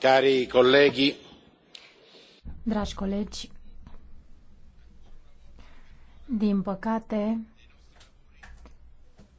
dragi colegi din păcate